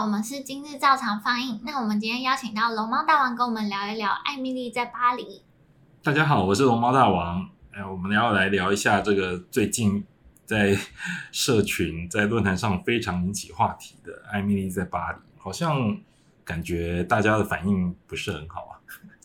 我們是今日照常放映。那我們今天邀請到龍貓大王跟我們聊一聊《艾蜜莉在巴黎》。大家好，我是龍貓大王。哎、我們要來聊一下這個最近在社群、在論壇上非常引起話題的《艾蜜莉在巴黎》，好像感覺大家的反應不是很好啊，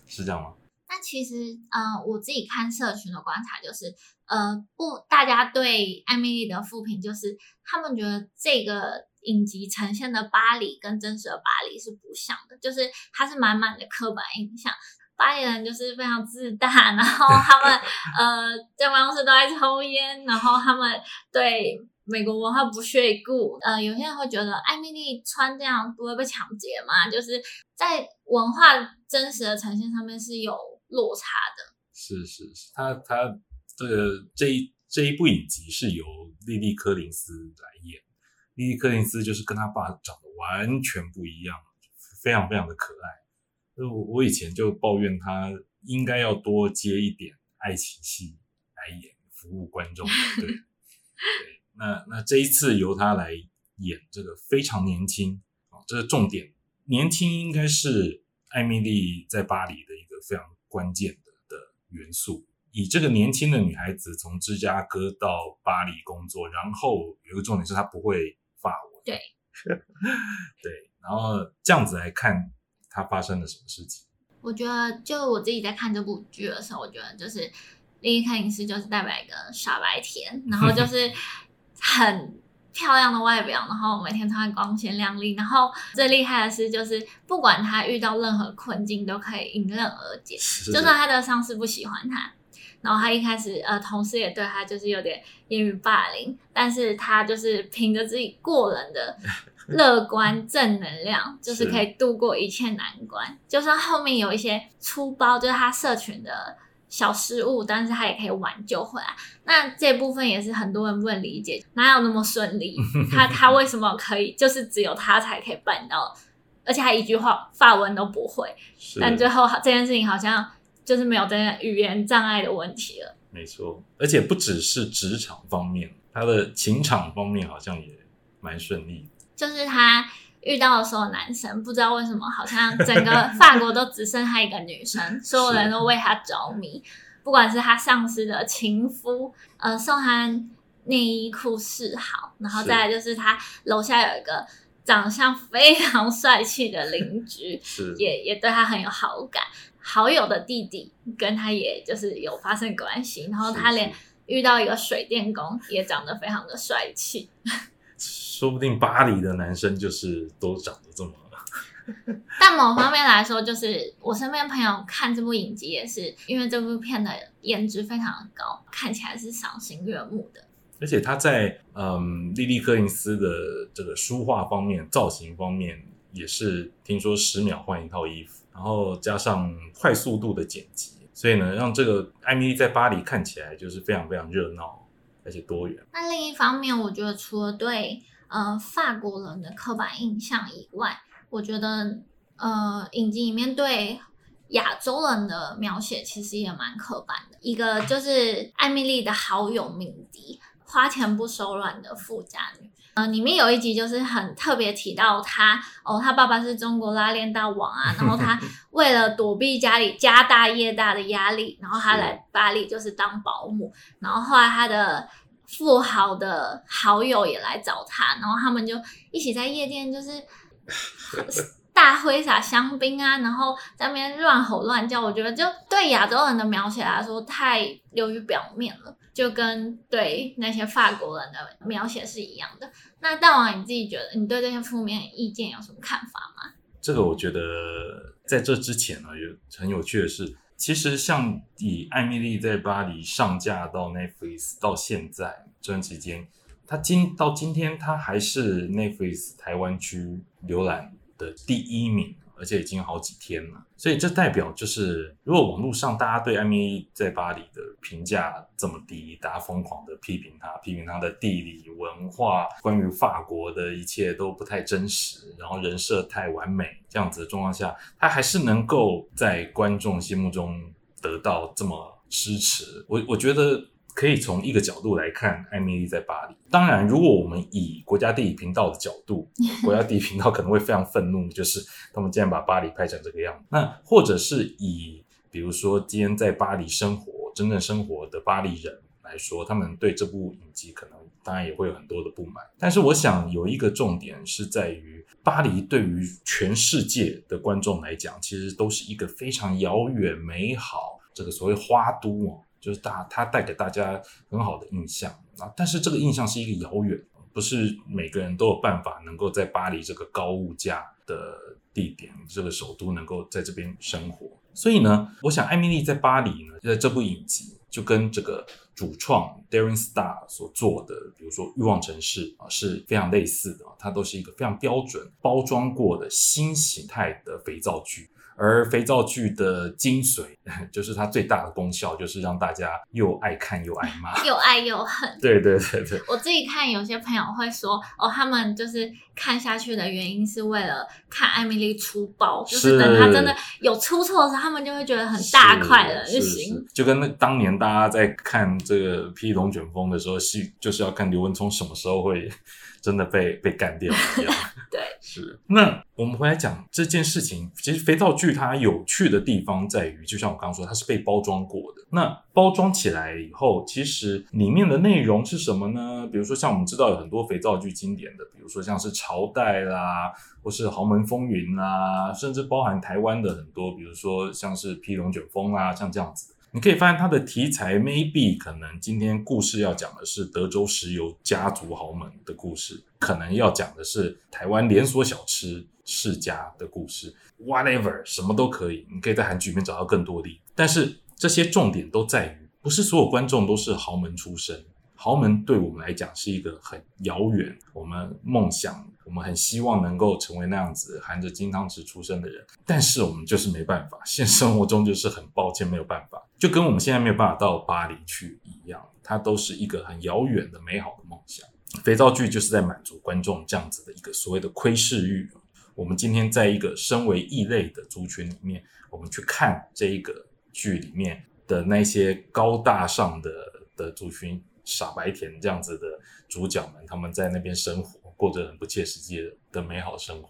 是這樣嗎？那其實，嗯、呃，我自己看社群的觀察就是，呃，不，大家對《艾蜜莉》的負評就是，他們覺得這個。影集呈現的巴黎跟真實的巴黎是不像的，就是它是滿滿的刻板印象。巴黎人就是非常自大，然後他們 呃，在辦公室都在抽煙，然後他們對美國文化不屑一顧。呃，有些人會覺得艾蜜莉穿這樣不會被搶劫嗎？就是在文化真實的呈現上面是有落差的。是是是，他他的、這個、這一這一部影集是由莉莉·柯林斯來演的。莉莉柯林斯，就是跟他爸長得完全不一樣，就是、非常非常的可愛。我我以前就抱怨他應該要多接一點愛情戲來演，服務觀眾，對，對。 對，那那這一次由他來演這個非常年輕啊、哦，這是、個、重點。年輕應該是艾蜜莉在巴黎的一個非常關鍵的的元素。以這個年輕的女孩子從芝加哥到巴黎工作，然後有一個重點是她不會。法文對 對，然後這樣子來看他發生了什麼事情。我覺得就我自己在看這部劇的時候，我覺得就是另一看影視就是代表一個傻白甜，然後就是很漂亮的外表， 然後每天穿光鮮亮麗，然後最厲害的是，就是不管他遇到任何困境都可以迎刃而解，是是就算他的上司不喜歡他。然後他一開始，呃，同事也對他就是有點言語霸凌，但是他就是憑着自己過人的樂觀正能量， 就是可以度過一切難關。是就算後面有一些粗暴，就是他社群的小失誤，但是他也可以挽救回來。那這部分也是很多人不能理解，哪有那麼順利？他他為什麼可以？ 就是只有他才可以辦到，而且他一句話法文都不會。是但最後這件事情好像。就是沒有這些語言障礙的問題了。沒錯，而且不只是職場方面，他的情場方面好像也蠻順利。就是他遇到的所有男生，不知道為什麼，好像整個法國都只剩他一個女生， 所有人都為他着迷。是不管是他上司的情夫，呃，送他內衣褲示好，然後再來就是他樓下有一個長相非常帥氣的鄰居，是也也對他很有好感。好友的弟弟跟他也就是有發生關係，然後他連遇到一個水電工也長得非常的帥氣，說不定巴黎的男生就是都長得這麼。 但某方面來說，就是我身邊朋友看這部影集也是因為這部片的顏值非常高，看起來是賞心悅目的。而且他在嗯，莉莉柯林斯的這個書畫方面、造型方面也是聽說十秒換一套衣服，然後加上快速度的剪輯，所以呢，讓這個艾蜜莉在巴黎看起來就是非常非常熱鬧，而且多元。那另一方面，我覺得除了對呃法國人的刻板印象以外，我覺得呃影集裡面對亞洲人的描寫其實也蠻刻板的。一個就是艾蜜莉的好友敏迪，花錢不手軟的富家女。嗯、呃、裡面有一集就是很特別提到他哦，他爸爸是中國拉鏈大王啊，然後他為了躲避家裡家大業大的壓力，然後他來巴黎就是當保姆，是然後後來他的富豪的好友也來找他，然後他們就一起在夜店就是大揮灑香檳啊，然後在那邊亂吼亂叫，我覺得就對亞洲人的描寫來說太流於表面了。就跟對那些法國人的描寫是一樣的。那大王，你自己覺得你對這些負面意見有什麼看法嗎？這個我覺得在這之前呢，有很有趣的是，其實像以《艾蜜莉在巴黎》上架到 Netflix 到現在這段期間，它今到今天它還是 Netflix 台灣區瀏覽的第一名。而且已經好幾天了，所以這代表就是，如果網絡上大家對艾蜜莉在巴黎的評價這麼低，大家瘋狂的批評他，批評他的地理文化，關於法國的一切都不太真實，然後人設太完美，這樣子的狀況下，他還是能夠在觀眾心目中得到這麼支持，我我覺得。可以從一個角度來看，《艾蜜莉在巴黎》。當然，如果我們以國家地理頻道的角度，國家地理頻道可能會非常憤怒，就是他們竟然把巴黎拍成這個樣子。那或者是以比如說今天在巴黎生活、真正生活的巴黎人來說，他們對這部影集可能當然也會有很多的不滿。但是，我想有一個重點是在於，巴黎對於全世界的觀眾來講，其實都是一個非常遙遠、美好，這個所謂花都就是大，它帶給大家很好的印象啊，但是這個印象是一個遙遠，不是每個人都有辦法能夠在巴黎這個高物價的地點，這個首都能夠在這邊生活。所以呢，我想艾蜜莉在巴黎呢，在這部影集就跟這個。主創 Darren Star 所做的，比如說《慾望城市》啊，是非常類似的啊，它都是一個非常標準包裝過的新形態的肥皂劇。而肥皂劇的精髓，就是它最大的功效，就是讓大家又愛看又愛罵，又 愛又恨。對對對對。我自己看，有些朋友會說，哦，他們就是看下去的原因是為了看艾蜜莉出包。是就是等他真的有出錯的時候，他們就會覺得很大快了是就行是是。就跟那當年大家在看，這個批龍捲風的時候，是就是要看劉文聰什麼時候會真的被被幹掉一樣。 對，是。那我們回來講這件事情，其實肥皂劇它有趣的地方在於，就像我剛剛說，它是被包裝過的。那包裝起來以後，其實裡面的內容是什麼呢？比如說像我們知道有很多肥皂劇經典的，比如說像是朝代啦，或是豪門風雲啦，甚至包含台灣的很多，比如說像是批龍捲風啦，像這樣子。你可以發現它的題材，maybe 可能今天故事要講的是德州石油家族豪門的故事，可能要講的是台灣連鎖小吃世家的故事，whatever 什麼都可以。你可以在韓劇裡面找到更多例，但是這些重點都在於，不是所有觀眾都是豪門出身。豪門對我們來講是一個很遙遠，我們夢想，我們很希望能夠成為那樣子含着金湯匙出生的人，但是我們就是沒辦法，現實生活中就是很抱歉沒有辦法，就跟我們現在沒有辦法到巴黎去一樣，它都是一個很遙遠的美好的夢想。肥皂劇就是在滿足觀眾這樣子的一個所謂的窺視慾。我們今天在一個身為異類的族群裡面，我們去看這一個劇裡面的那些高大上的的族群。傻白甜這樣子的主角們，他們在那邊生活，過着很不切實際的，的美好生活。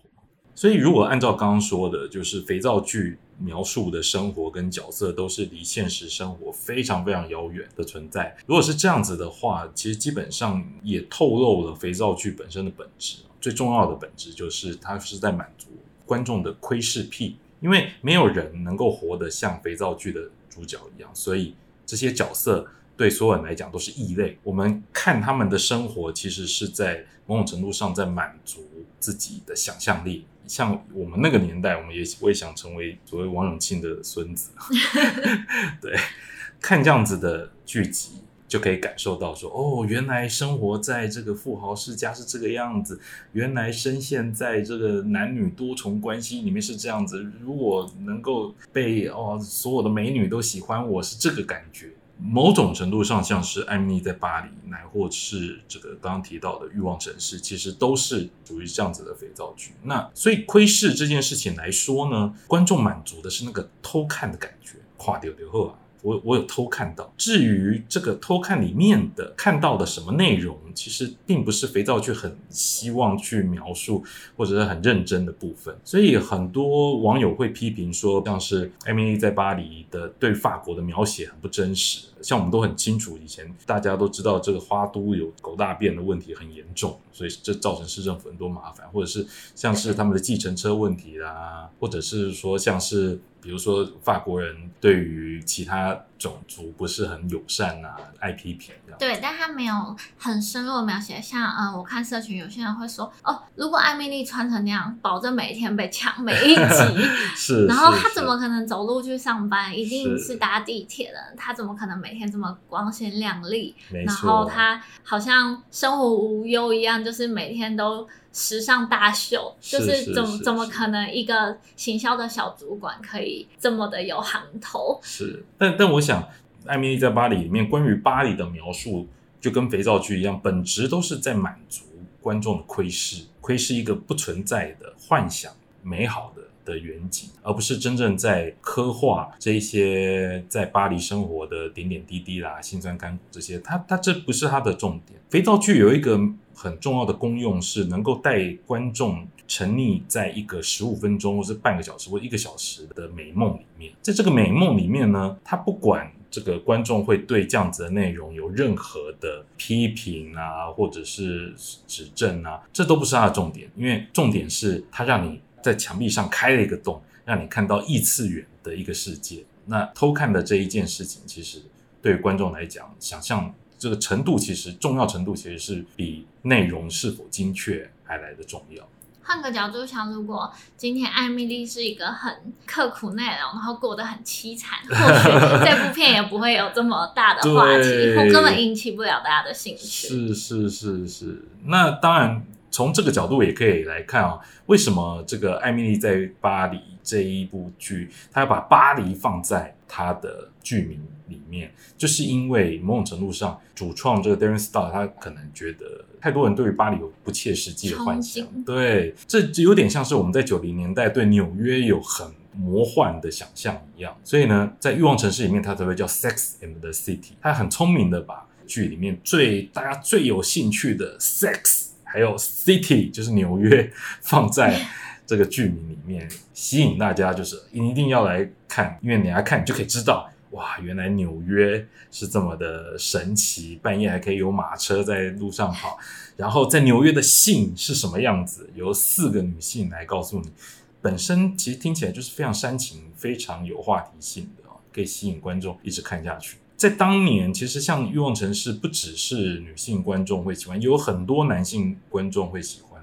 所以，如果按照剛剛說的，就是肥皂劇描述的生活跟角色，都是離現實生活非常非常遙遠的存在。如果是這樣子的話，其實基本上也透露了肥皂劇本身的本質。最重要的本質就是，它是在滿足觀眾的窺視癖。因為沒有人能夠活得像肥皂劇的主角一樣，所以這些角色。對所有人來講都是異類。我們看他們的生活，其實是在某種程度上在滿足自己的想象力。像我們那個年代，我們也我也想成為所謂王永慶的孫子。 對，看這樣子的劇集就可以感受到說，說哦，原來生活在這個富豪世家是這個樣子，原來深陷在這個男女多重關係裡面是這樣子。如果能夠被哦所有的美女都喜歡，我是這個感覺。某種程度上，像是《艾蜜莉在巴黎》，乃或是這個剛剛提到的《慾望城市》，其實都是屬於這樣子的肥皂劇。那所以窺視這件事情來說呢，觀眾滿足的是那個偷看的感覺，跨丟丟後啊。我我有偷看到，至於這個偷看裡面的看到的什麼內容，其實並不是肥皂劇很希望去描述，或者是很認真的部分。所以很多網友會批評說，像是艾蜜莉在巴黎的對法國的描寫很不真實。像我們都很清楚，以前大家都知道這個花都有狗大便的問題很嚴重，所以這造成市政府很多麻煩，或者是像是他們的計程車問題啦、啊，或者是說像是。比如說，法國人對於其他種族不是很友善啊，愛批評。對，但他沒有很深入的描寫。像嗯、呃，我看社群有些人會說哦，如果艾蜜莉穿成那樣，保證每天被搶每一集。 是。然後她怎麼可能走路去上班？是一定是搭地鐵的。她怎麼可能每天這麼光鮮亮麗？沒錯然後她好像生活無憂一樣，就是每天都時尚大秀，是是就是怎麼怎麼可能一個行銷的小主管可以這麼的有行頭？是。但但我。我想艾蜜莉在巴黎裡面關於巴黎的描述，就跟肥皂劇一樣，本質都是在滿足觀眾的窺視，窺視一個不存在的幻想美好的的遠景，而不是真正在刻畫這一些在巴黎生活的點點滴滴啦，辛酸甘苦這些。它它這不是它的重點。肥皂劇有一個很重要的功用是能夠帶觀眾。沉溺在一個十五分鐘，或是半個小時，或一個小時的美夢裡面，在這個美夢裡面呢，他不管這個觀眾會對這樣子的內容有任何的批評啊，或者是指正啊，這都不是他的重點，因為重點是他讓你在牆壁上開了一個洞，讓你看到異次元的一個世界。那偷看的這一件事情，其實對觀眾來講，想象這個程度其實重要程度其實是比內容是否精確還來得重要。換個角度想，如果今天艾蜜莉是一個很刻苦耐勞，然後過得很淒慘，或許這部片也不會有這麼大的話題，我 對根本引起不了大家的興趣。是是是是，那當然從這個角度也可以來看哦，為什麼這個艾蜜莉在巴黎這一部劇，她要把巴黎放在它的劇名裡面，就是因為某種程度上，主創這個 Darren Star 他可能覺得太多人對於巴黎有不切實際的幻想，新對，這有點像是我們在九零年代對紐約有很魔幻的想象一樣。所以呢，在欲望城市裡面，他特別叫 Sex and the City，他很聰明的把劇裡面最大家最有興趣的 Sex，還有 City，就是紐約，放在這個劇名裡面。 面吸引大家，就是一定要來看，因為等下看就可以知道，哇，原來紐約是這麼的神奇，半夜還可以有馬車在路上跑，然後在紐約的性是什麼樣子，由四個女性來告訴你。本身其實聽起來就是非常煽情，非常有話題性的，可以吸引觀眾一直看下去。在當年，其實像《慾望城市》，不只是女性觀眾會喜歡，有很多男性觀眾會喜歡。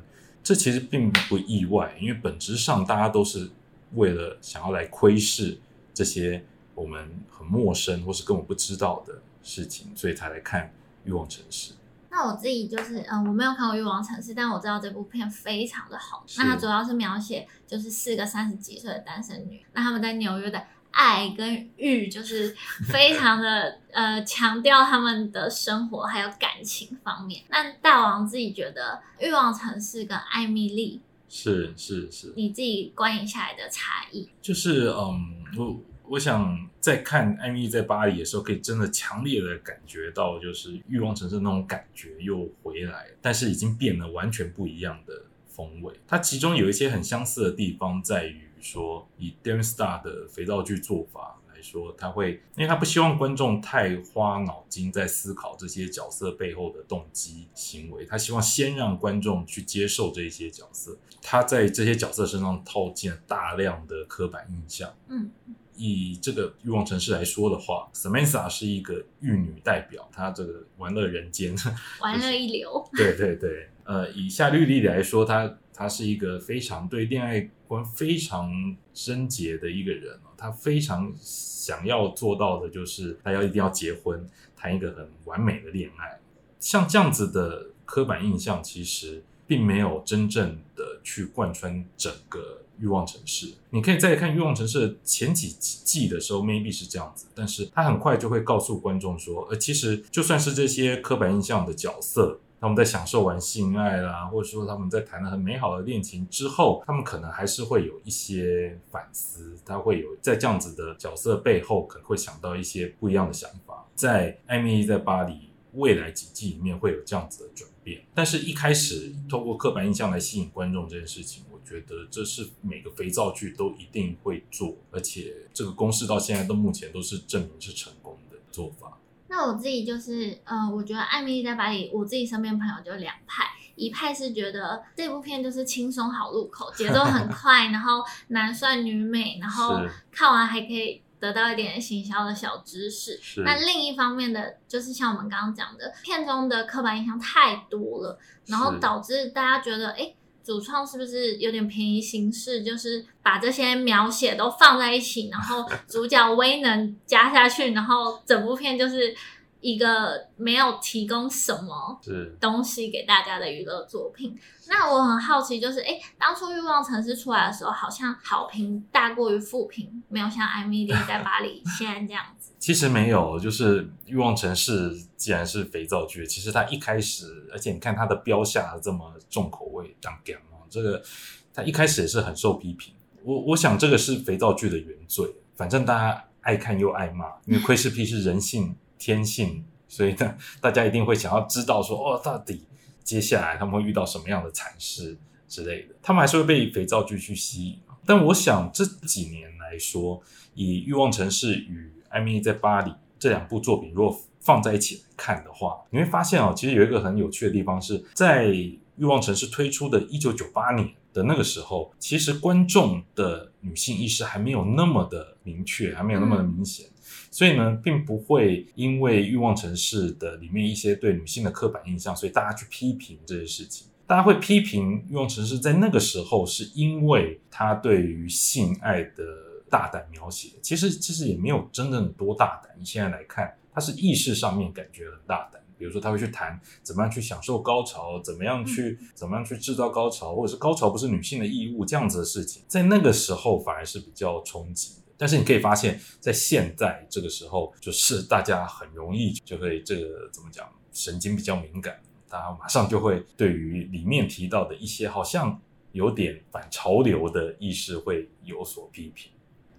這其實並不意外，因為本質上大家都是為了想要來窺視這些我們很陌生或是根本不知道的事情，所以才來看《慾望城市》。那我自己就是，嗯、呃，我沒有看過《慾望城市》，但我知道這部片非常的好。是那它主要是描寫就是四個三十幾歲的單身女，那她們在紐約的。愛跟欲就是非常的 呃，強調他們的生活還有感情方面。那大王自己覺得《慾望城市》跟《艾蜜莉》是是是，你自己觀影下來的差異，就是嗯，我我想在看《艾蜜莉》在巴黎的時候，可以真的強烈的感覺到，就是《慾望城市》那種感覺又回來，但是已經變得完全不一樣的風味，它其中有一些很相似的地方，在於說，以《Darren Star》的肥皂劇做法來說，他會，因為他不希望觀眾太花腦筋在思考這些角色背後的動機行為，他希望先讓觀眾去接受這些角色，他在這些角色身上套進大量的刻板印象。嗯。以這個慾望城市來說的話 Samantha 是一個玉女代表，她這個玩樂人間，玩樂一流，就是。對對對，呃，以夏綠麗來說，她她是一個非常對戀愛觀非常貞潔的一個人，她非常想要做到的就是，她要一定要結婚，談一個很完美的戀愛。像這樣子的刻板印象，其實並沒有真正。去貫穿整個欲望城市。你可以再看欲望城市前幾季的時候，maybe 是這樣子，但是他很快就會告訴觀眾說，呃，其實就算是這些刻板印象的角色，他們在享受完性愛啦，或者說他們在談了很美好的戀情之後，他們可能還是會有一些反思，他會有在這樣子的角色背後，可能會想到一些不一樣的想法。在艾蜜莉在巴黎未來幾季裡面會有這樣子的轉變。但是，一開始通過刻板印象來吸引觀眾這件事情，我覺得這是每個肥皂劇都一定會做，而且這個公式到現在都目前都是證明是成功的做法。那我自己就是，呃，我覺得《艾蜜莉在巴黎》，我自己身邊朋友就兩派，一派是覺得這部片就是輕鬆好入口，節奏很快， 然後男帥女美，然後看完還可以。得到一點行銷的小知識，那是另一方面的就是像我們剛剛講的，片中的刻板印象太多了，然後導致大家覺得，哎，主創是不是有點便宜行事？就是把這些描寫都放在一起，然後主角威能加下去， 然後整部片就是。一個沒有提供什麼東西給大家的娛樂作品，是那我很好奇，就是哎，當初《欲望城市》出來的時候，好像好評大過於負評，沒有像《艾蜜莉在巴黎》現在這樣子。其實沒有，就是《欲望城市》既然是肥皂劇，其實它一開始，而且你看它的標下這麼重口味，這樣講，這個它一開始也是很受批評。我我想這個是肥皂劇的原罪，反正大家愛看又愛罵，因為窺視癖是人性。 天性，所以呢，大家一定會想要知道說，哦，到底接下來他們會遇到什麼樣的慘事之類的，他們還是會被肥皂劇去吸引。但我想這幾年來說，以《欲望城市》與《艾蜜莉在巴黎》這兩部作品，如果放在一起來看的話，你會發現啊、哦，其實有一個很有趣的地方是在《欲望城市》推出的一九九八年的那個時候，其實觀眾的女性意識還沒有那麼的明確，還沒有那麼的明顯。嗯所以呢，並不會因為慾望城市的裡面一些對女性的刻板印象，所以大家去批評這些事情。大家會批評慾望城市，在那個時候是因為她對於性愛的大膽描寫。其實其實也沒有真正的多大膽。你現在來看，她是意識上面感覺很大膽。比如說，他會去談怎麼樣去享受高潮，怎麼樣去、嗯、怎麼樣去製造高潮，或者是高潮不是女性的義務這樣子的事情，在那個時候反而是比較衝擊。但是你可以發現，在現在這個時候，就是大家很容易就會，這個怎麼講，神經比較敏感，大家馬上就會對於裡面提到的一些好像有點反潮流的意識會有所批評。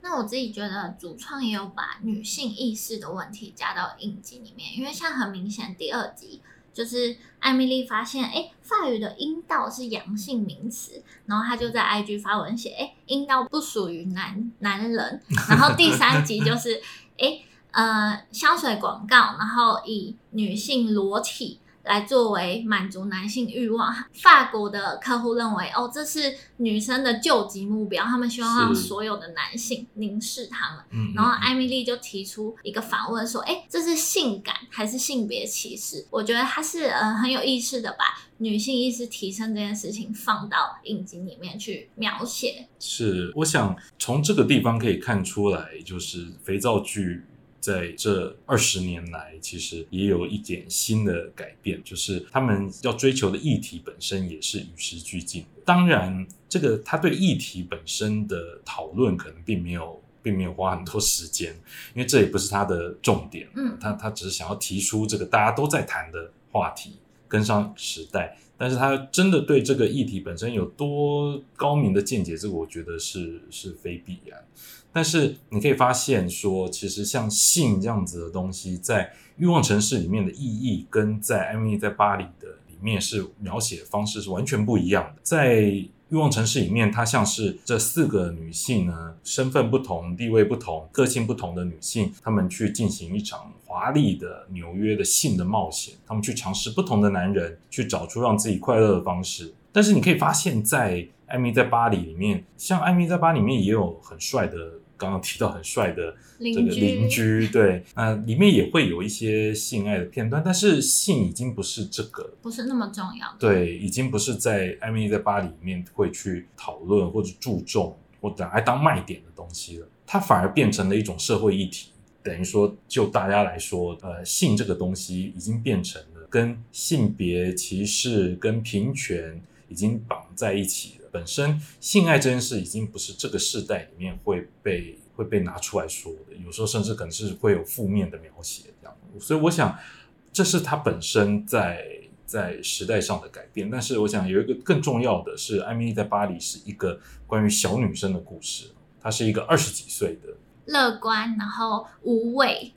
那我自己覺得，主創也有把女性意識的問題加到影集裡面，因為像很明顯第二集。就是艾蜜莉發現，哎、欸，法語的陰道是陽性名詞，然後她就在 IG 發文寫，哎、欸，陰道不屬於男男人，然後第三集就是，哎、 欸，呃，香水廣告，然後以女性裸體。來作為滿足男性慾望，法國的客戶認為，哦，這是女生的救急目標，他們希望讓所有的男性凝視他們。嗯嗯嗯，然後艾米麗就提出一個反問說：“誒，這是性感還是性別歧視？”我覺得他是、呃、很有意識的把女性意識提升這件事情放到影集裡面去描寫。是，我想從這個地方可以看出來，就是肥皂劇。在這二十年來，其實也有一點新的改變，就是他們要追求的議題本身也是與時俱進。當然，這個他對議題本身的討論可能並沒有，並沒有花很多時間，因為這也不是他的重點。嗯，他他只是想要提出這個大家都在談的話題，跟上時代。但是他真的對這個議題本身有多高明的見解，這個我覺得是是非必然。但是你可以發現說，其實像性這樣子的東西，在《慾望城市》裡面的意義，跟在艾蜜莉在巴黎的裡面是描寫的方式是完全不一樣的。在《慾望城市》裡面，它像是這四個女性呢，身份不同、地位不同、個性不同的女性，她們去進行一場華麗的紐約的性的冒險，她們去嘗試不同的男人，去找出讓自己快樂的方式。但是你可以發現，在艾蜜莉在巴黎裡面，像艾蜜莉在巴黎裡面也有很帥的。剛剛提到很帥的這個鄰居，鄰居對，呃，裡面也會有一些性愛的片段，但是性已經不是這個不是那麼重要，對，已經不是在艾蜜莉在巴黎裡面會去討論或者注重或者愛當賣點的東西了，它反而變成了一種社會議題，等於說就大家來說，呃，性這個東西已經變成了跟性別歧視、跟平權已經綁在一起了。本身性愛這件事已經不是這個時代裡面會被會被拿出來說的，有時候甚至可能是會有負面的描寫這樣。所以我想，這是他本身在在時代上的改變。但是我想有一個更重要的是，《艾蜜莉在巴黎》是一個關於小女生的故事，她是一個二十幾歲的。樂觀，然後無畏，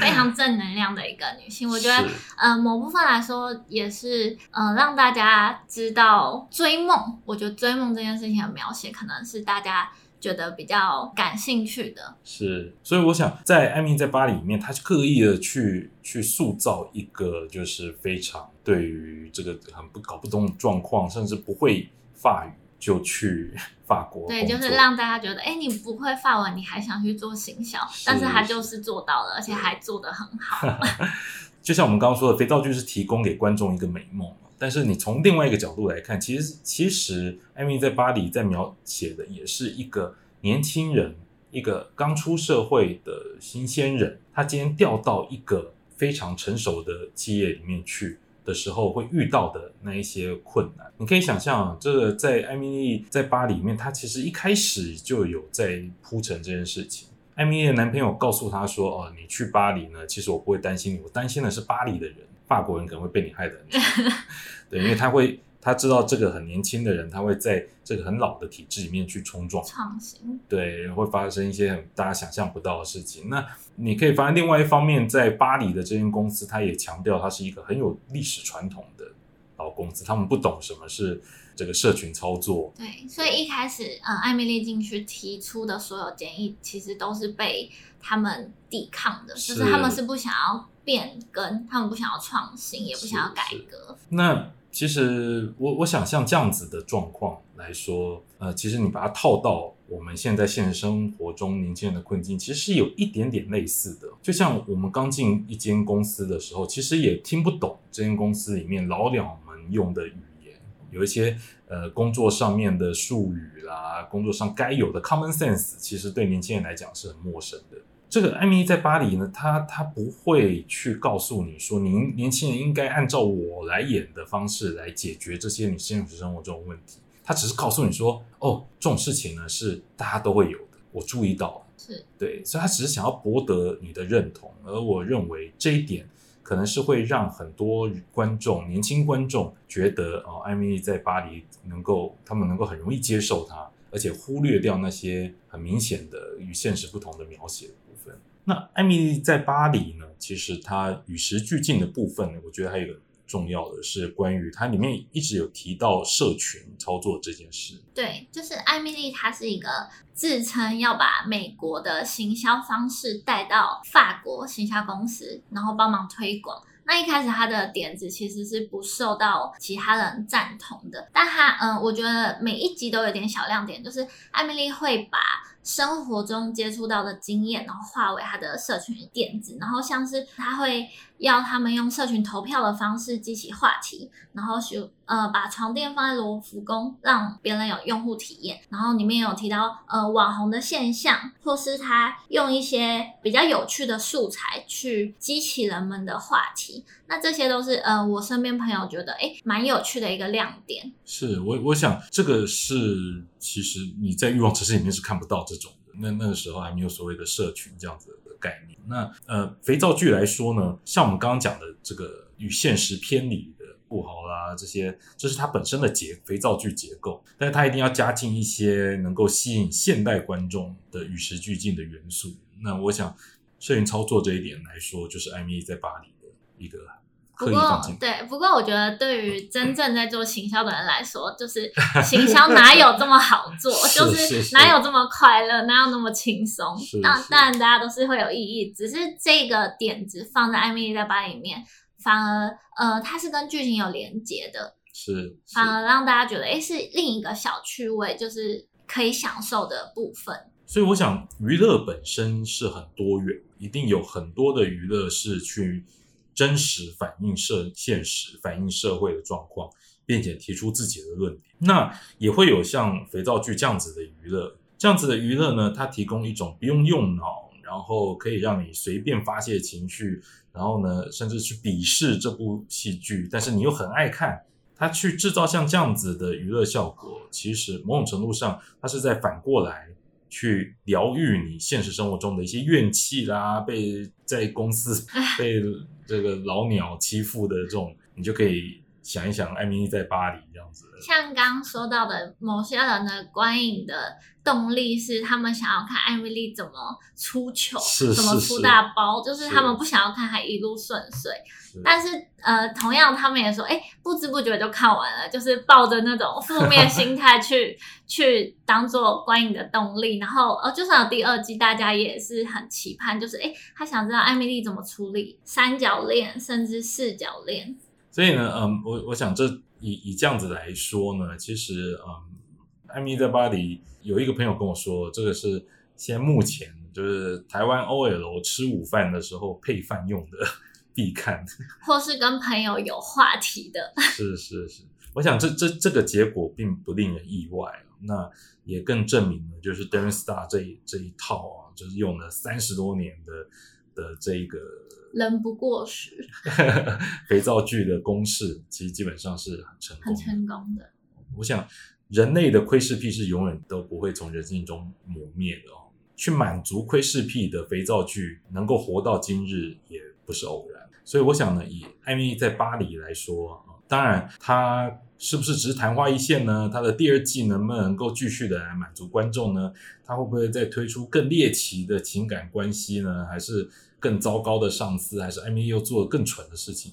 非常正能量的一個女性。 我覺得，嗯是、呃、某部分來說也是，嗯、呃、讓大家知道追夢。我覺得追夢這件事情的描寫，可能是大家覺得比較感興趣的。是，所以我想，在艾蜜莉在巴黎裡面，她是刻意的去去塑造一個，就是非常對於這個很不搞不懂的狀況，甚至不會法語就去。法國對，就是讓大家覺得，哎，你不會法文，你還想去做行銷？是，但是他就是做到了，對而且還做得很好。 就像我們剛剛說的，肥皂劇是提供給觀眾一個美夢。但是你從另外一個角度來看，其實其實艾米 I mean, 在巴黎在描寫的也是一個年輕人，一個剛出社會的新鮮人。他今天調到一個非常成熟的企業裡面去。的時候會遇到的那一些困難，你可以想象，這個在艾蜜莉在巴黎裡面，她其實一開始就有在鋪陳這件事情。艾蜜莉的男朋友告訴她說：“哦，你去巴黎呢，其實我不會擔心你，我擔心的是巴黎的人，法國人可能會被你害得很慘。” 對，因為他會。他知道這個很年輕的人，他會在這個很老的體制裡面去衝撞創新行，對，會發生一些很大家想象不到的事情。那你可以發現，另外一方面，在巴黎的這間公司，他也強調他是一個很有歷史傳統的老公司，他們不懂什麼是這個社群操作。對，所以一開始，嗯，艾蜜莉進去提出的所有建議，其實都是被他們抵抗的，是就是他們是不想要變更，他們不想要創新，是也不想要改革。那其實我我想像這樣子的狀況來說，呃，其實你把它套到我們現在現實生活中年輕人的困境，其實是有一點點類似的。就像我們剛進一間公司的時候，其實也聽不懂這間公司裡面老鳥們用的語言，有一些呃工作上面的術語啦，工作上該有的 common sense，其實對年輕人來講是很陌生的。這個艾蜜莉在巴黎呢，她她不會去告訴你說，你年輕人應該按照我來演的方式來解決這些女性飲生，生活中問題。她只是告訴你說，哦，這種事情呢是大家都會有的，我注意到了，是，對，所以她只是想要博得你的認同。而我認為這一點可能是會讓很多觀眾，年輕觀眾覺得，哦，艾蜜莉在巴黎能夠，他們能夠很容易接受她。而且忽略掉那些很明顯的與現實不同的描寫的部分。那艾蜜莉在巴黎呢？其實她與時俱進的部分，我覺得還有一個重要的，是關於它裡面一直有提到社群操作這件事。對，就是艾蜜莉，她是一個自稱要把美國的行銷方式帶到法國行銷公司，然後幫忙推廣。那一開始他的點子其實是不受到其他人贊同的，但他嗯，我覺得每一集都有點小亮點，就是艾蜜莉會把。生活中接觸到的經驗，然後化為他的社群點子，然後像是他會要他們用社群投票的方式激起話題，然後就呃把床墊放在羅浮宮，讓別人有用戶體驗。然後裡面有提到呃網紅的現象，或是他用一些比較有趣的素材去激起人們的話題。那這些都是呃我身邊朋友覺得哎蠻、欸、有趣的一個亮點。是我我想這個是其實你在欲望城市裡面是看不到的。那那個時候還沒有所謂的社群這樣子的概念。那呃，肥皂劇來說呢，像我們剛剛講的這個與現實偏離的富豪啦，這些，這是它本身的結肥皂劇結構，但是它一定要加進一些能夠吸引現代觀眾的與時俱進的元素。那我想，攝影操作這一點來說，就是艾蜜莉在巴黎的一個。不過，對，不過我覺得對於真正在做行銷的人來說，就是行銷哪有這麼好做， 就是哪有這麼快樂，是是是哪有那麼輕鬆。那當然，大家都是會有異議，只是這個點子放在艾蜜莉在巴黎裡面，反而呃，它是跟劇情有連結的，是，是反而讓大家覺得哎，是另一個小趣味，就是可以享受的部分。是是，所以我想，娛樂本身是很多元，一定有很多的娛樂是去。真實反映社現實，反映社會的狀況，並且提出自己的論點。那也會有像肥皂劇這樣子的娛樂，這樣子的娛樂呢，它提供一種不用用腦，然後可以讓你隨便發洩情緒，然後呢，甚至去鄙視這部戲劇，但是你又很愛看。它去制造像這樣子的娛樂效果，其實某種程度上，它是在反過來。去療癒你現實生活中的一些怨氣啦，被在公司被這個老鳥欺負的這種，你就可以。想一想，艾蜜莉在巴黎這樣子。像剛剛說到的，某些人的觀影的動力是他們想要看艾蜜莉怎麼出糗。是怎麼出大包，是就是他們不想要看還一路順遂。是但是，呃，同樣他們也說，哎、欸，不知不覺就看完了，就是抱着那種負面心態去 去當做觀影的動力。然後，呃，就算有第二季，大家也是很期盼，就是哎、欸，他想知道艾蜜莉怎麼處理三角戀，甚至四角戀。所以呢，嗯，我我想這以以這樣子來說呢，其實，嗯，艾蜜莉在巴黎有一個朋友跟我說，這個是現目前，就是台灣 OL 樓吃午飯的時候配飯用的必看，或是跟朋友有話題的。 是是是，我想這這這個結果並不令人意外啊，那也更證明了就是 Darren Star 這一這一套啊，就是用了三十多年的。的這一個人不過時， 肥皂劇的公式其實基本上是很成功，很成功的。我想，人類的窺視癖是永遠都不會從人性中磨滅的哦。去滿足窺視癖的肥皂劇能夠活到今日也不是偶然。所以我想呢，以《艾蜜莉在巴黎》來說，哦、當然他是不是只是曇花一現呢？他的第二季能不能夠繼續的來滿足觀眾呢？他會不會再推出更獵奇的情感關係呢？還是？更糟糕的上司，還是艾蜜莉又做了更蠢的事情？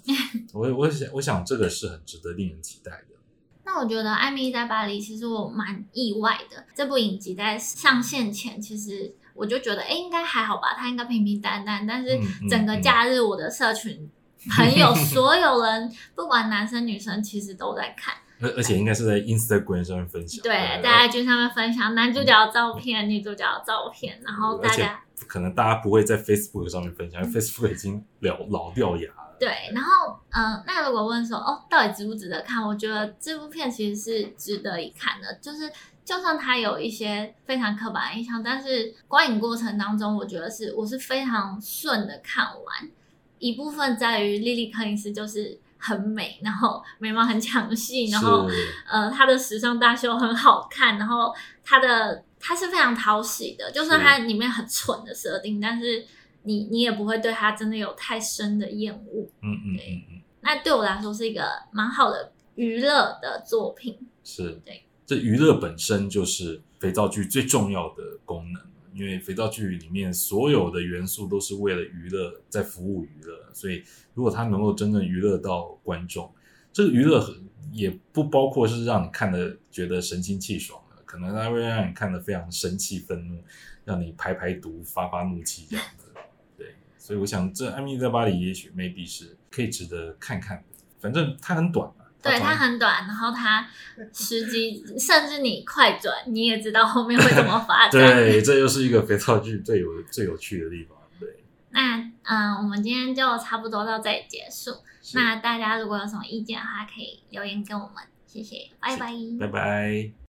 我我想，我想這個是很值得令人期待的。 那我覺得艾蜜莉在巴黎，其實我蠻意外的。這部影集在上線前，其實我就覺得，哎，應該還好吧，它應該平平淡淡。但是整個假日，我的社群朋友 所有人，不管男生女生，其實都在看。而而且應該是在 Instagram 上面分享，對，大家就上面分享男主角的照片，嗯、女主角的照片，嗯、然後大家可能大家不會在 Facebook 上面分享，嗯、因為 Facebook 已經老老掉牙了。對，哎、然後嗯、呃，那如果問說哦，到底值不值得看？我覺得這部片其實是值得一看的，就是就算它有一些非常刻板印象，但是觀影過程當中，我覺得是我是非常順的看完，一部分在於莉莉·柯林斯就是。很美，然後眉毛很搶戲，然後是呃，她的時尚大秀很好看，然後她的她是非常討喜的，就算他裡面很蠢的設定，是但是你你也不會對她真的有太深的厭惡，嗯嗯，嗯嗯，嗯，那對我來說是一個蠻好的娛樂的作品，是對，這娛樂本身就是肥皂劇最重要的功能。因為肥皂劇裡面所有的元素都是為了娛樂，在服務娛樂，所以如果它能夠真正娛樂到觀眾，這個娛樂也不包括是讓你看的覺得神清氣爽的，可能它會讓你看的非常神氣、憤怒，讓你排排毒、發發怒氣這樣的。對，所以我想這《艾蜜莉在巴黎》也許 maybe 是可以值得看看，反正它很短啊。對，它很短，然後它十幾，甚至你快轉，你也知道後面會怎麼發展。 對，這又是一個肥皂劇最有最有趣的地方。對，那嗯，我們今天就差不多到這裡結束。是那大家如果有什麼意見的話，可以留言給我們。謝謝，拜拜，拜拜。